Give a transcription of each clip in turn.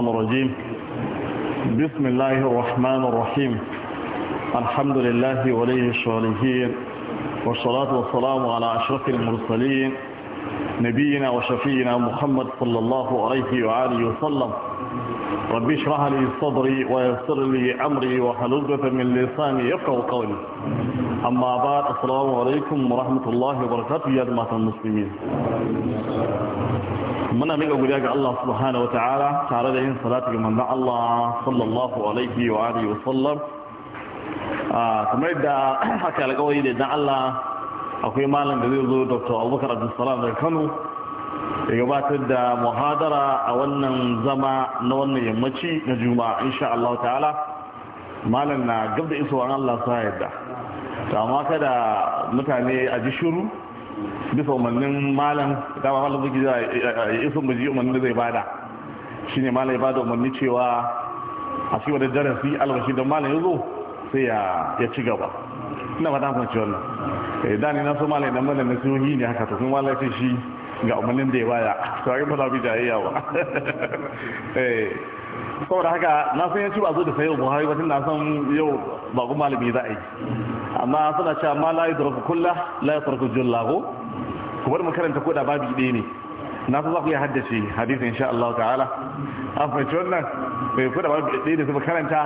الرجيم بسم الله الرحمن الرحيم الحمد لله وليه الشالحين والصلاة والسلام على أشرف المرسلين نبينا وشفينا محمد صلى الله عليه وآله وسلم رب اشرح لي صدري ويسر لي امري واحلل من لساني يفقهوا قولي اما بعد السلام عليكم ورحمه الله وبركاته يا جماعه المسلمين من أمير غدياك الله سبحانه وتعالى تعالى ان صلاتك من الله صلى الله عليه واله وسلم ا آه، كما يدعى حتى لقوا يدعى الله اكو مالن دكتور ابو بكر عبد السلام كانوا ya gabatar da muhadara a wannan zama na wannan yammaci na juma'a insha Allah ta'ala malam na gab da isowar Allah sa yadda ta amma kada mutane a ji shiru bisa umarnin malam ba malam zuki ya iso mu ji umarnin da zai bada shine malam ya bada umarni cewa a cikin su yi albashi don malam ya zo sai ya ci gaba ina fata kwanci wannan eh, da ni na so malam idan malam na siyohi ne haka to kuma malam ya ce shi ga umarnin da ya baya saurin ba za mu yawa ba eh, saboda haka na san yanci ba zo da sayo buhari ba na san yau ba kuma malami za a yi amma suna cewa ma layi zarafi kulla sarku yudraku jullahu ku bar mu karanta ko da babu ɗaya ne na san za ku yi haddace hadisi insha Allah ta'ala an fahimci wannan bai eh, ku da babi ɗaya ne su karanta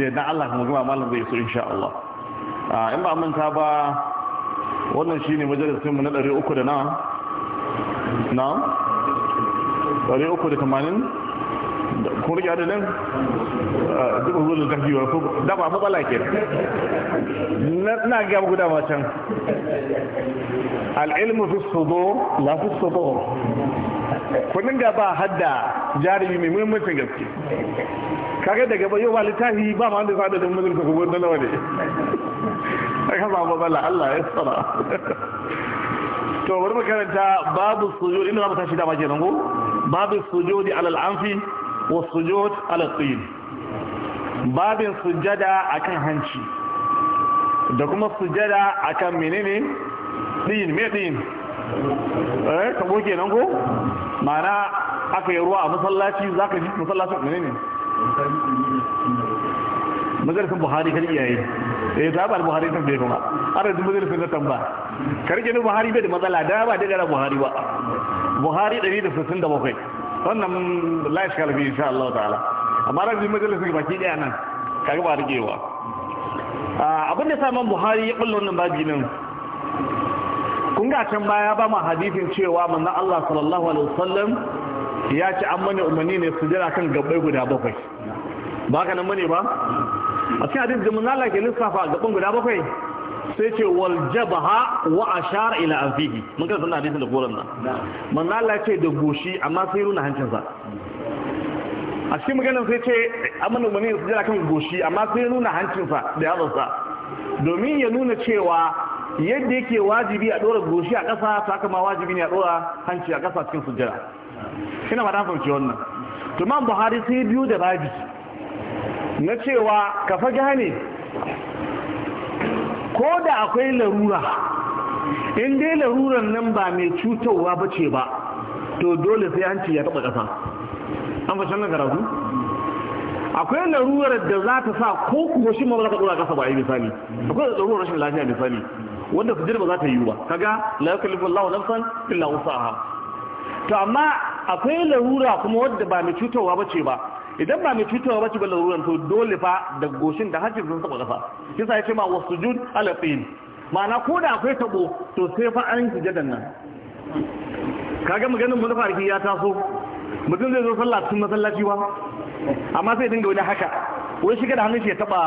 da yadda Allah kuma gama malam zai so insha Allah ah, in ba manta ba wannan shine majalisin mu na 300 da nawa na'am 380 kun rike adadin ah, duk zuwa gajiwa ko dama mu bala ke na ga muku dama can al-ilmu fi sudur la fi sudur kunin gaba hadda jarumi mai muhimmancin gaske kaga daga ba yau ba littafi ba ma da sadadin mulkin ko gonda nawa ne ba Allah ya tsara to bari mu karanta babu sujud inda mu tashi ba kenan ko babu sujud ala al-anfi wa sujud ala al-tin babin sujada akan hanci da kuma sujada akan menene din me din eh kabo kenan ko mana aka yi ruwa a masallaci zaka ji masallaci menene magarkin buhari kan iyaye eh za ba buhari ta bai kuma har da mujir sun tamba karke ni buhari bai da matsala da ba da gara buhari ba buhari 167 wannan la shakal bi insha Allah ta'ala amma rabbi majalisin baki daya nan kaga ba rikewa ah, abin da saman buhari ya kullu wannan babi nan kun ga can baya ba mu hadisin cewa manzon Allah sallallahu alaihi wasallam ya ci an mana umarni ne su jira kan gabbai guda bakwai ba ka nan bane ba a cikin hadisi da manzala ke lissafa ga gaban guda bakwai sai ce wal jabaha wa ashar ila anfihi mun kan sanna hadisin da koran nan manzala ce da goshi amma sai nuna hancinsa a cikin maganar sai ce amana mun su jira kan goshi amma sai nuna hancinsa da yatsa domin ya nuna cewa yadda yake wajibi a dora goshi a ƙasa ta kama wajibi ne a dora hanci a ƙasa cikin sujjada ina ba ta fahimci wannan to man buhari sai biyu da rabi na cewa kafa gane ko da akwai larura in dai laruran nan ba mai cutarwa ba ce ba to dole sai hanci ya taɓa ƙasa an fashe na karatu akwai larurar da za ta sa ko kuma shi ma ba za ka ɗora ƙasa ba a yi misali akwai da rashin lafiya misali wanda su jirba za ta yi ba kaga la yukallifu Allahu nafsan illa wusaha to amma akwai larura kuma wadda ba mai cutarwa ba ce ba idan ba mai cutarwa ba ci ba laruran to dole fa da goshin da hajji sun saba shi sa ya ce ma wasu jud alafin ma'ana ko da akwai tabo to sai fa an sujadan nan kaga maganin mu da ya taso mutum zai zo sallah cikin masallaci ba amma sai dinga wani haka wai shiga da hannun shi ya taba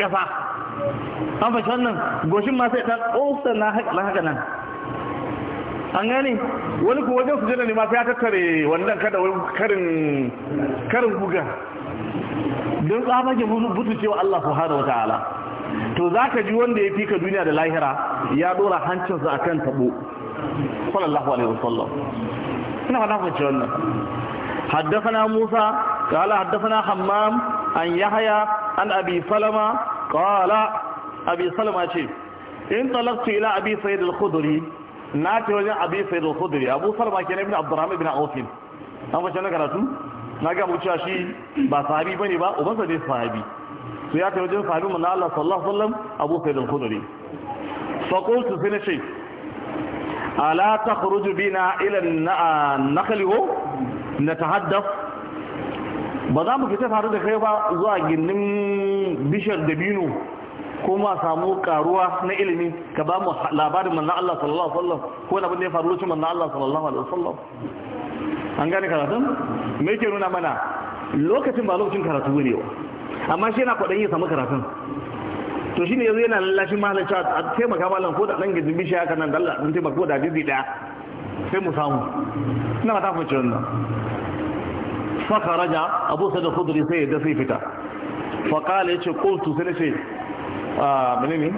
kasa an fashe wannan goshin ma sai ta kosa oh, na haka nan an gane wani kuwa wajen sujada ne ma sai ya tattare wannan kada karin karin guga don tsamage butu cewa Allah subhanahu wataala to za ka ji wanda ya fika duniya da lahira ya dora hancinsa akan tabo sallallahu alaihi wasallam ina fada ku ce wannan Musa, حدثنا موسى قال An حمام عن يحيى عن ابي سلمة قال ابي سلمة شيء ila Abi ابي al الخدري na ce wajen abi sai da sodiri abu sarba ke na ibn abdurrahman ibn Aukin. an fashe na karatu na ga cewa shi ba sahabi bane ba ubansa ne sahabi su ya ta wajen sahabi mana Allah sallallahu sallam abu sai da sodiri fa su sai na ce ala ilan na ila na ta natahaddath ba za mu fita tare da kai ba zuwa ginin bishar dabino ko ma samu karuwa na ilimi ka ba mu labarin manna Allah sallallahu alaihi wasallam ko abin da ya faru lokacin manna Allah sallallahu alaihi wasallam an gane karatun me yake nuna mana lokacin ba lokacin karatu ne ba amma shi yana kwaɗan ya samu karatun to shine yanzu yana lallashi malam cewa a taimaka malam ko da dan gajin bishi haka nan dalla mun taimaka ko da didi daya sai mu samu ina ba ta fi ciwon Fa karaja abu sa da kuduri sai ya da sai fita faƙala ya ce qultu sai ne ce menene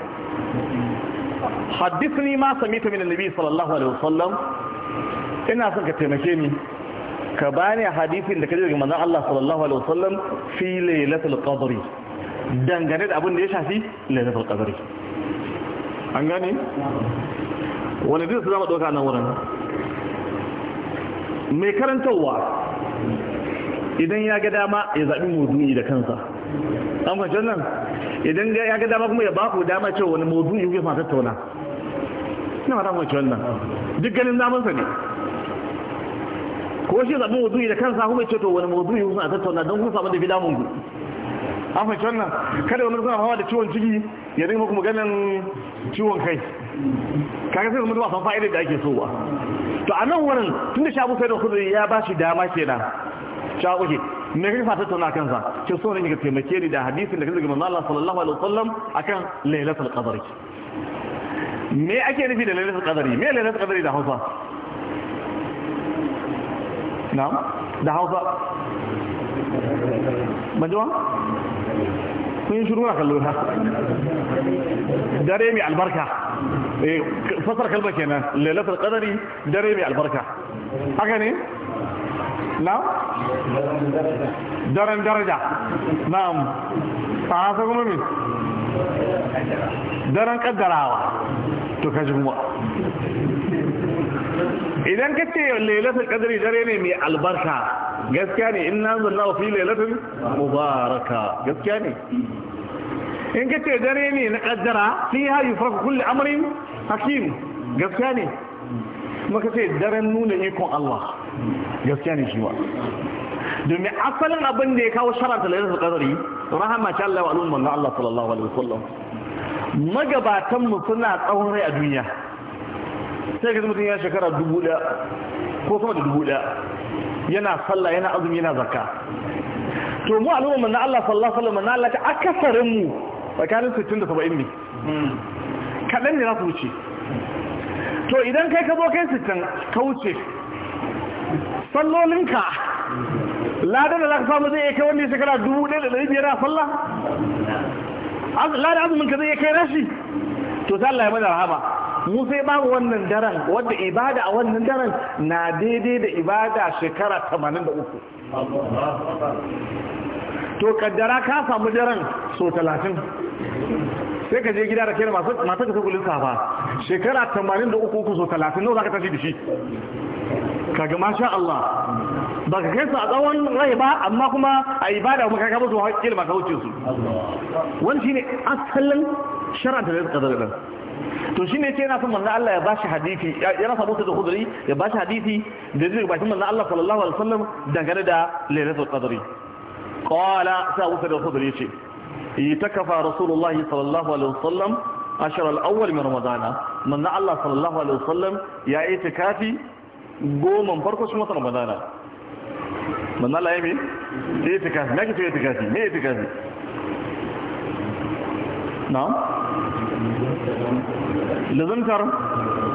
حدثني ma سمعت من النبي صلى alaihi عليه ina son ka taimake ni ka bani hadisin da kaje daga manzon Allah sallallahu alaihi wasallam fi lailatul qadri dangane da abin da ya shafi lailatul qadri an gane wani dinsu zama dauka nan wurin mai karantarwa idan ya ga dama ya zaɓi maudu'i da kansa an idan ya ga dama kuma ya ba ku dama cewa wani maudu'i kuke son tattauna ina kuma mace nan. duk ganin namansa ne ko shi zaɓi maudu'i da kansa kuma ce to wani maudu'i kuke a tattauna don kun samu da fi damun ku an fahimci wannan kada wani suna hawa da ciwon ciki ya dinga kuma ganin ciwon kai kaga sai mutum san fa'idar da ake so ba to a nan wurin tunda shabu sai da kudiri ya ba shi dama kenan shabu ke me kake fata kan sa ce so ne ka taimake ni da hadisin da kaga manzo Allah sallallahu alaihi wasallam akan lailatul qadr me ake nufi da lailatul qadr me lailatul qadr da Hausa na'am da Hausa majuwa kun yi shiru na kallo ta dare mai albarka eh, fasar kalma kenan lailatul qadari dare mai albarka haka ne na'am daren daraja na'am a hasa kuma min daren kaddarawa to ka ji kuma idan ka ce lailatul qadri dare ne mai albarka gaskiya ne in nan zanna fi lailatul mubaraka gaskiya ne in ka ce dare ne na kaddara fiha yufraku kulli amrin hakim gaskiya ne Kuma ce daren nuna ikon Allah gaskiya ne shi ba domin asalin abin da ya kawo sharanta lailatul kadari rahama ta Allah wa na Allah sallallahu alaihi wasallam magabatan mu suna tsawon rai a duniya sai ga mutum ya shekara dubu da ko sama da dubu da yana sallah yana azumi yana zakka to mu al'umma na Allah sallallahu alaihi wasallam na Allah ta akasarin mu tsakanin 60 da 70 ne kaɗan ne za su wuce to idan kai ka zo kai 60 ka wuce sallolinka ladan da za ka samu zai kai wanda ya shekara dubu ɗaya da ɗari biyar a falla? ladan azumin ka zai kai rashi to sai Allah ya mada rahama mu sai ba wannan daren wadda ibada a wannan daren na daidai da ibada shekara 83 to kaddara ka samu daren so 30 sai ka je gida da kera masu matan ka kulin safa shekara 83 so 30 za ka tashi da shi kaga masha Allah ba ka kai su a tsawon rai ba amma kuma a ibada kuma kaga musu hakkin ka wuce su wani shine asalin shar'an da zai kadar to shine ce yana son manzo Allah ya bashi hadisi ya rasa mutu da khudri ya bashi hadisi da zai bashi manzo Allah sallallahu alaihi wasallam dangane da lailatul qadri qala sa wuta da khudri ce itakafa rasulullahi sallallahu alaihi wasallam ashar al-awwal min ramadana manzo Allah sallallahu alaihi wasallam ya itikafi goma farko shi watan ramadana manna la ya sai itikafi me kike itikafi me itikafi Na, lazantar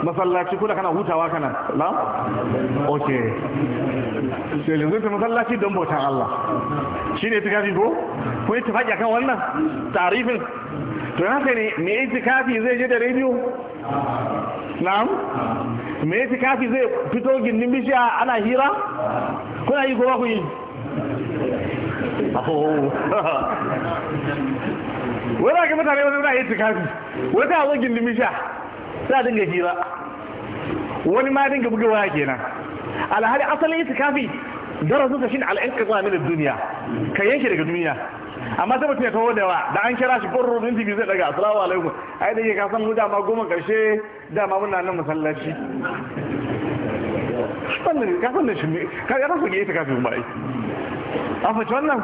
masallaci ko da kana hutawa kana na? ok sai lazantar masallaci don bautan Allah shi ne itikafi ko? ko ita a kan wannan tarifin to haka ne me itikafi zai je da rediyo na'am me itikafi zai fito gindin bishiya ana hira kuna yi kuma ku yi wani ga mutane wani wani itikafi wani a zo gindin bishiya za dinga hira wani ma dinga buga waya kenan alhali asalin itikafi darasinsa shine al'inqidha min ad duniya. ka yanke daga duniya amma sai mutum ya taho da yawa da an kira shi furru minti biyu zai daga assalamu alaikum ai da ke ka san mu dama goma karshe dama muna nan masallaci wannan ka san da shi ka ya rasu ne ita kafin bai a fa wannan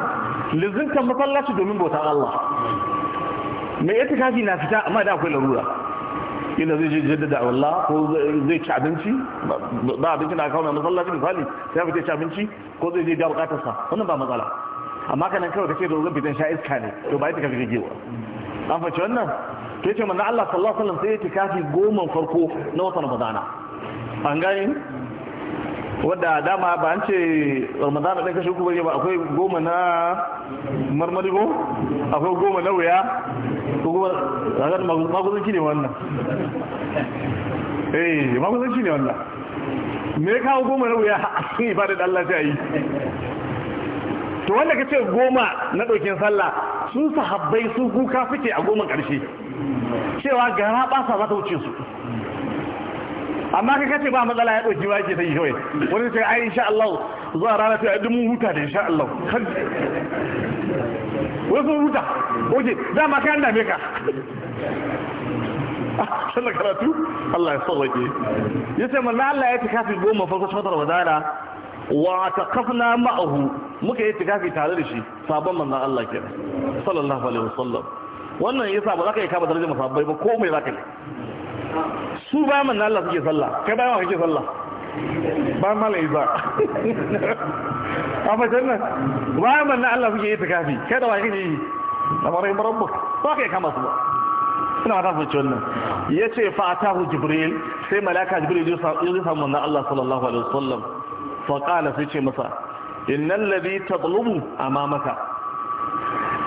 lizinkan masallaci domin bautar Allah mai itikafi na fita amma da akwai larura Ina zai je jaddada a wallah ko zai ci abinci ba abinci na kawo mai masallaci misali sai ya fita ci abinci ko zai je da bukatarsa wannan ba matsala amma kanan kawai kace da rubutun sha iska ne to ba itikafi kake wa? an fahimci wannan ke ce manzo Allah sallallahu alaihi wasallam sai kafi goma farko na watan Ramadana an gane wadda dama ba an ce ramadana ɗin kashe kuma ba akwai goma na marmarigo akwai goma na wuya ko kuma ragar maguzanci ne wannan eh maguzanci ne wannan me ka goma na wuya ba ibadar Allah sai yi wanda ka ce goma na ɗaukin sallah su sahabbai su kuka suke a goma ƙarshe cewa gara ɓasa za ta wuce su amma ka kace ba matsala ya ɗauki ba ke ta yi kawai wani ce ai insha Allah zuwa rana ta yi huta da insha Allah wani sun huta oke dama kayan dame ka sannan karatu Allah ya sauwaƙe ya ce manna Allah ya ci kafin goma farko shatar wadana wa kafna ma'ahu muka yi tikafi tare da shi sabon manzan Allah kenan sallallahu alaihi wasallam wannan yasa ba za ka yi kama darajar musabbai ba komai za ka yi su ba manzon Allah suke sallah kai ba ma kake sallah ba mala yi ba a fatan nan ba na Allah suke yi tikafi kai da wa kake yi da marai barabba ba ka yi kama su ba suna ta fice wannan ya ce fa'atahu jibril sai malaka jibril ya samu manzan Allah sallallahu alaihi wasallam faƙala sai ce masa innan labi tablubu a mamaka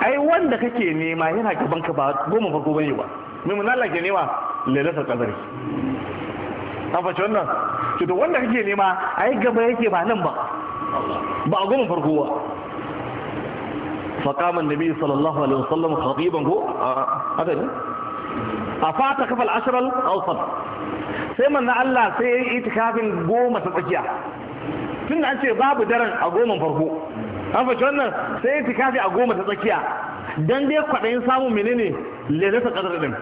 ai wanda kake nema yana gaban ka ba goma farko bane ba mimuna lake nema lalata kazari. an fashe wannan cuta wanda kake nema ai gaba yake ba nan ba ba a goma farko ba فقام nabi sallallahu alaihi wasallam khatiban خطيبا a هذا ne A fata kafal ashr al sai manna Allah sai yayi itikafin goma ta tsakiya tun da an ce babu daren a goman farko an fashe wannan sai tikafi a goma ta tsakiya don dai kwaɗayin samun menene lailatul ƙasar ɗin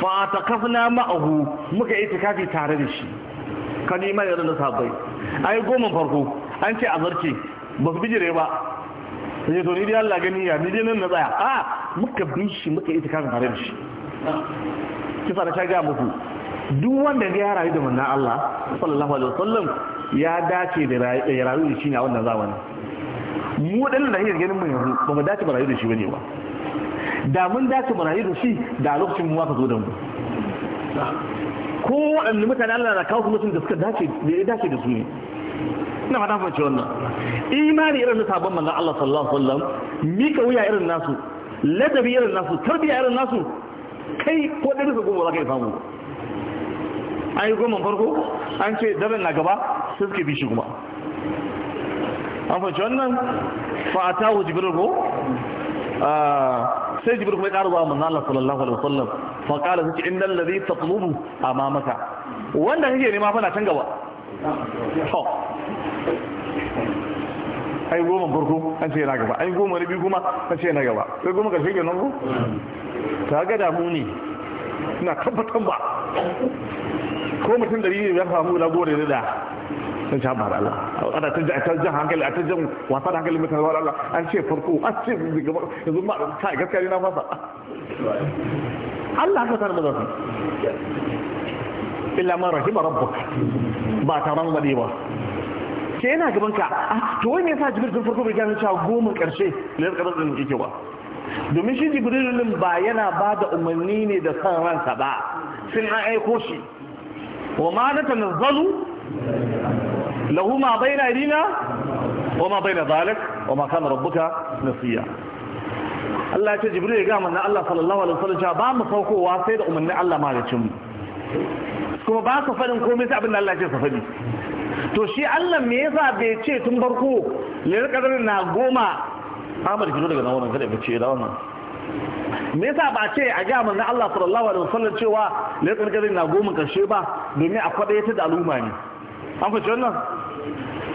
fa takafna ma'ahu muka yi tikafi tare da shi nima da na sabai yi goma farko an ce a zarce ba su bijire ba sai to ni dai Allah gani ya ni dai nan na tsaya a muka bi shi muka tikafi tare da shi kisa da ta ga muku duk wanda ya rayu da manna Allah sallallahu alaihi wasallam ya dace da ya rayu da shi ne a wannan zamanin mu dan da yake ganin mu yanzu ba mu dace ba rayu da shi bane ba da mun dace mu rayu da shi da lokacin mu ka zo da mu ko wanda mutane Allah na kawo su mutum da suka dace da ya dace da su ne ina fata fahimci wannan imani irin na sabon manzon Allah sallallahu alaihi wasallam mika wuya irin nasu ladabi irin nasu tarbiya irin nasu kai ko ɗari ka goma za ka yi samu an yi goma farko an ce daren na gaba sai suke bi shi kuma an fahimci wannan fa a jibirar ko ah, sai jibirar kuma ya ƙara zuwa manzan Allah sallallahu alaihi wasallam fa ƙara su ce inda lalazi ta tsubu a mamaka wanda kake nema fa na can gaba ai goma farko an ce na gaba ai goma na biyu kuma an ce na gaba sai goma ka ke nan ko ta ga damu ne ina tabbatar ba ko mutum da ne ya samu da goma da da sun sha bara Allah ana ta ta jan hankali a ta jan wasa da hankali mutane wa Allah an ce farko an ce yanzu ma ta gaskiya ne na fasa Allah haka da maza illa ma rahima rabbuka ba ran wani ba ke yana gaban ka ah, to wai me yasa jibril farko bai gani cewa goma karshe ne da kadar din yake ba domin shi jibril ba yana ba da umarni ne da san ransa ba sun an aiko shi wa ma na tanazzalu lahu bai na dina wa ma bai na zalik wa ma kana na siya. Allah ya ce Jibiru ya ga na Allah sallallahu alaihi wasallam ba mu saukowa sai da umarni Allah ma malicin mu kuma ba su faɗin komai sai abin Allah ya ce su faɗi to shi Allah me yasa bai ce tun barko lil qadar na goma Ahmad kiro daga zama wani kada ya ce da wannan me yasa ba ce a ga manzon Allah sallallahu alaihi wasallam cewa la tsarkare na goma kashe ba domin a kwadaita da al'umma ne an fice wannan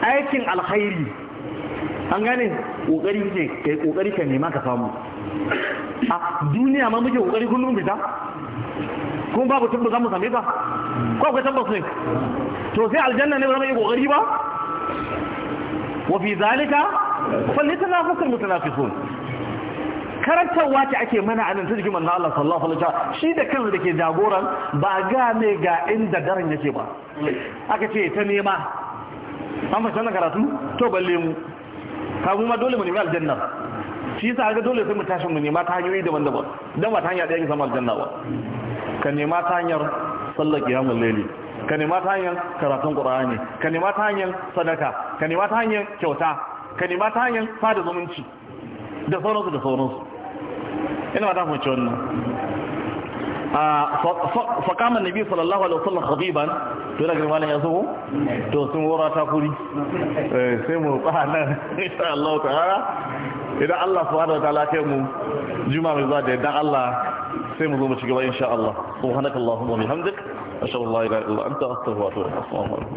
aikin alkhairi an gane kokari ne kai kokari ka nema ka samu a duniya ma muke kokari kullum fita kun babu tabbata zamu same ka ko akwai tabbas ne to sai aljanna ne ba mai kokari ba wa fi zalika falyatanafasul mutanafisun karantarwa ta ake mana a nan ta jikin manzo Allah sallallahu alaihi wasallam shi da kansa dake jagoran ba ga ne ga inda daren yake ba aka ce ta nema an fa na karatu to balle mu ka mu ma dole mu nemi aljanna shi yasa ga dole sai mu tashi mu nema ta hanyoyi daban-daban dan ba ta hanya ɗaya ke samu aljanna ba ka nema ta hanyar sallar qiyamul layli ka nema ta hanyar karatun qur'ani ka nema ta hanyar sadaka ka nema ta hanyar kyauta ka nema ta hanyar sada zumunci da sauransu da sauransu ina ba ta fahimci wannan faƙaman nabi sallallahu alaihi wasallam khatiban to da girma ya zo to sun wura ta kuri eh, sai mu ba nan insha Allah ta'ala idan Allah subhanahu wa ta'ala kai mu juma'a mai zuwa da idan Allah sai mu zo mu ci gaba insha Allah subhanakallahumma wa bihamdik ashhadu an la ilaha illa anta astaghfiruka wa atubu ilaik